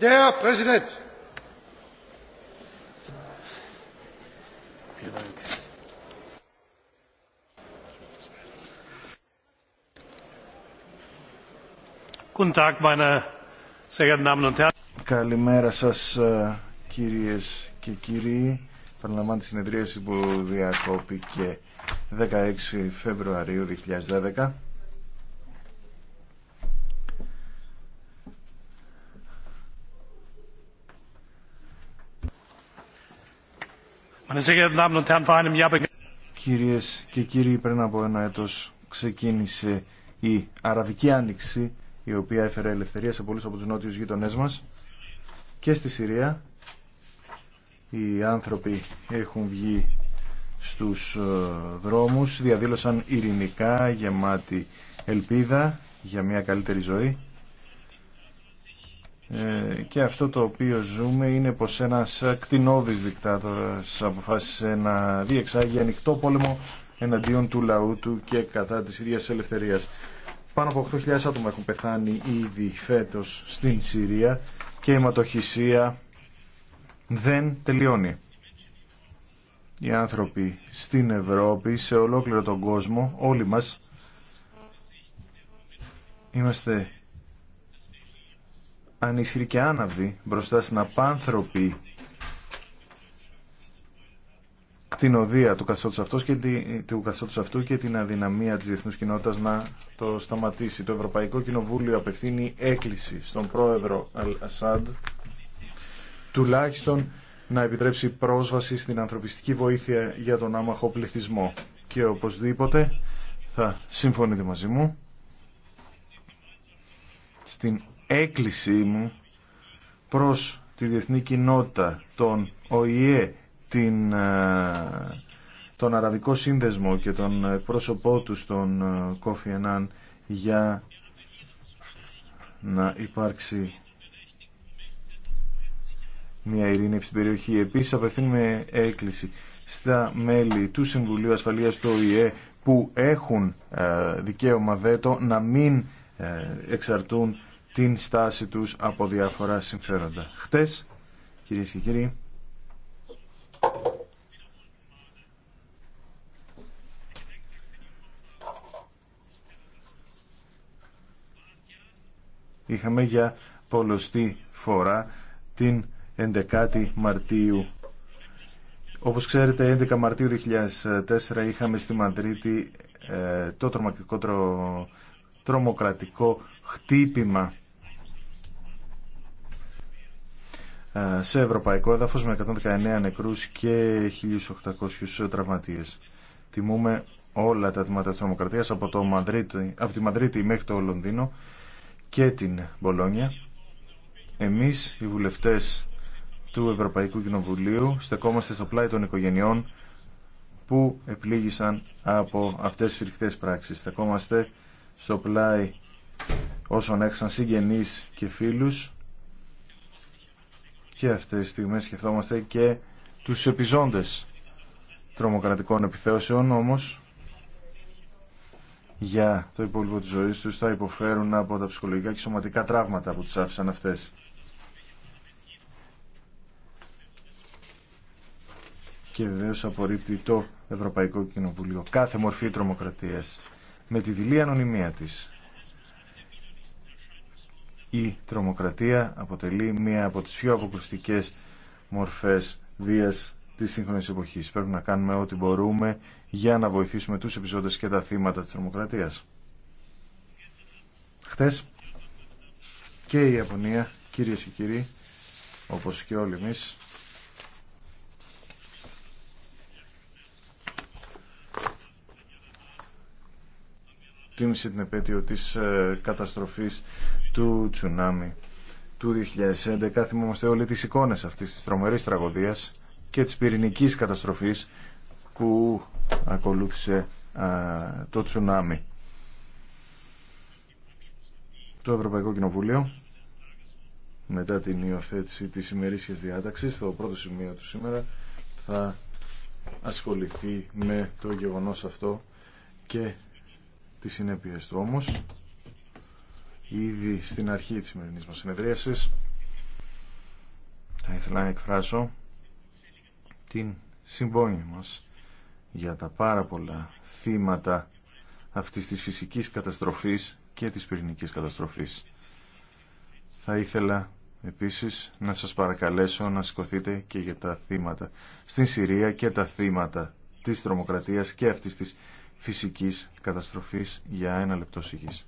Der Präsident! Vielen Dank. Guten Tag, meine sehr geehrten Damen und Herren. Καλημέρα σας ε, κυρίες και κύριοι. Παραλαμβάνω τη συνεδρίαση που διακόπηκε 16 Φεβρουαρίου 2010. Κυρίες και κύριοι, πριν από ένα έτος ξεκίνησε η Αραβική Άνοιξη, η οποία έφερε ελευθερία σε πολλούς από τους νότιους γείτονές μας και στη Συρία. Οι άνθρωποι έχουν βγει στους ε, δρόμους, διαδήλωσαν ειρηνικά, γεμάτη ελπίδα για μια καλύτερη ζωή. Ε, και αυτό το οποίο ζούμε είναι πως ένας κτηνόδης δικτάτορας αποφάσισε να διεξάγει ανοιχτό πόλεμο εναντίον του λαού του και κατά της ίδιας ελευθερίας. Πάνω από 8.000 άτομα έχουν πεθάνει ήδη φέτος στην Συρία και η ματοχυσία δεν τελειώνει. Οι άνθρωποι στην Ευρώπη, σε ολόκληρο τον κόσμο, όλοι μας, είμαστε ανήσυχη και άναυδη μπροστά στην απάνθρωπη κτηνοδία του καθεστώτος, και του αυτού και την αδυναμία τη διεθνού κοινότητα να το σταματήσει. Το Ευρωπαϊκό Κοινοβούλιο απευθύνει έκκληση στον πρόεδρο Αλ Ασάντ τουλάχιστον να επιτρέψει πρόσβαση στην ανθρωπιστική βοήθεια για τον άμαχο πληθυσμό. Και οπωσδήποτε θα συμφωνείτε μαζί μου έκκλησή μου προς τη διεθνή κοινότητα, τον ΟΗΕ, την, ε, τον Αραβικό Σύνδεσμο και τον πρόσωπό του στον ε, Κόφι Ενάν για να υπάρξει μια ειρήνη στην περιοχή. Επίσης απευθύνουμε έκκληση στα μέλη του Συμβουλίου Ασφαλείας του ΟΗΕ που έχουν ε, δικαίωμα βέτο να μην εξαρτούν την στάση τους από διάφορα συμφέροντα. Χτες, κυρίες και κύριοι, είχαμε για πολλωστή φορά την 11η Μαρτίου. Όπως ξέρετε, 11 Μαρτίου 2004 είχαμε στη Μαντρίτη ε, το τρομακτικότερο τρομοκρατικό χτύπημα ε, σε ευρωπαϊκό έδαφος με 119 νεκρούς και 1.800 τραυματίες. Τιμούμε όλα τα τμήματα της τρομοκρατίας από, το Μαδρίτη, από τη Μαδρίτη μέχρι το Λονδίνο και την Μπολόνια. Εμείς οι βουλευτές του Ευρωπαϊκού Κοινοβουλίου στεκόμαστε στο πλάι των οικογενειών που επλήγησαν από αυτές τις φρικτές πράξεις. Στεκόμαστε στο πλάι όσων έξαν συγγενείς και φίλους και αυτές τις στιγμές σκεφτόμαστε και τους επιζώντες τρομοκρατικών επιθέσεων όμως για το υπόλοιπο της ζωής τους θα υποφέρουν από τα ψυχολογικά και σωματικά τραύματα που τους άφησαν αυτές. Και βεβαίω απορρίπτει το Ευρωπαϊκό Κοινοβουλίο κάθε μορφή τρομοκρατίας με τη δειλή ανωνυμία της. Η τρομοκρατία αποτελεί μία από τις πιο αποκρουστικές μορφές βίας της σύγχρονης εποχής. Πρέπει να κάνουμε ό,τι μπορούμε για να βοηθήσουμε τους επιζώντες και τα θύματα της τρομοκρατίας. Χτες και η Ιαπωνία, κυρίες και κύριοι, όπως και όλοι εμείς, τίμησε την επέτειο της ε, καταστροφής του τσουνάμι του 2011. Θυμόμαστε όλοι τις εικόνες αυτής της τρομερής τραγωδίας και της πυρηνικής καταστροφής που ακολούθησε το τσουνάμι. Το Ευρωπαϊκό Κοινοβούλιο μετά την υιοθέτηση της ημερήσιας διάταξης, στο πρώτο σημείο του σήμερα, θα ασχοληθεί με το γεγονός αυτό και τις συνέπειες του όμως. Ήδη στην αρχή της σημερινής μας συνεδρίασης θα ήθελα να εκφράσω την συμπόνια μας για τα πάρα πολλά θύματα αυτής της φυσικής καταστροφής και της πυρηνικής καταστροφής. Θα ήθελα επίσης να σας παρακαλέσω να σηκωθείτε και για τα θύματα στην Συρία και τα θύματα της τρομοκρατίας και αυτής της φυσικής καταστροφής για ένα λεπτό σιγής.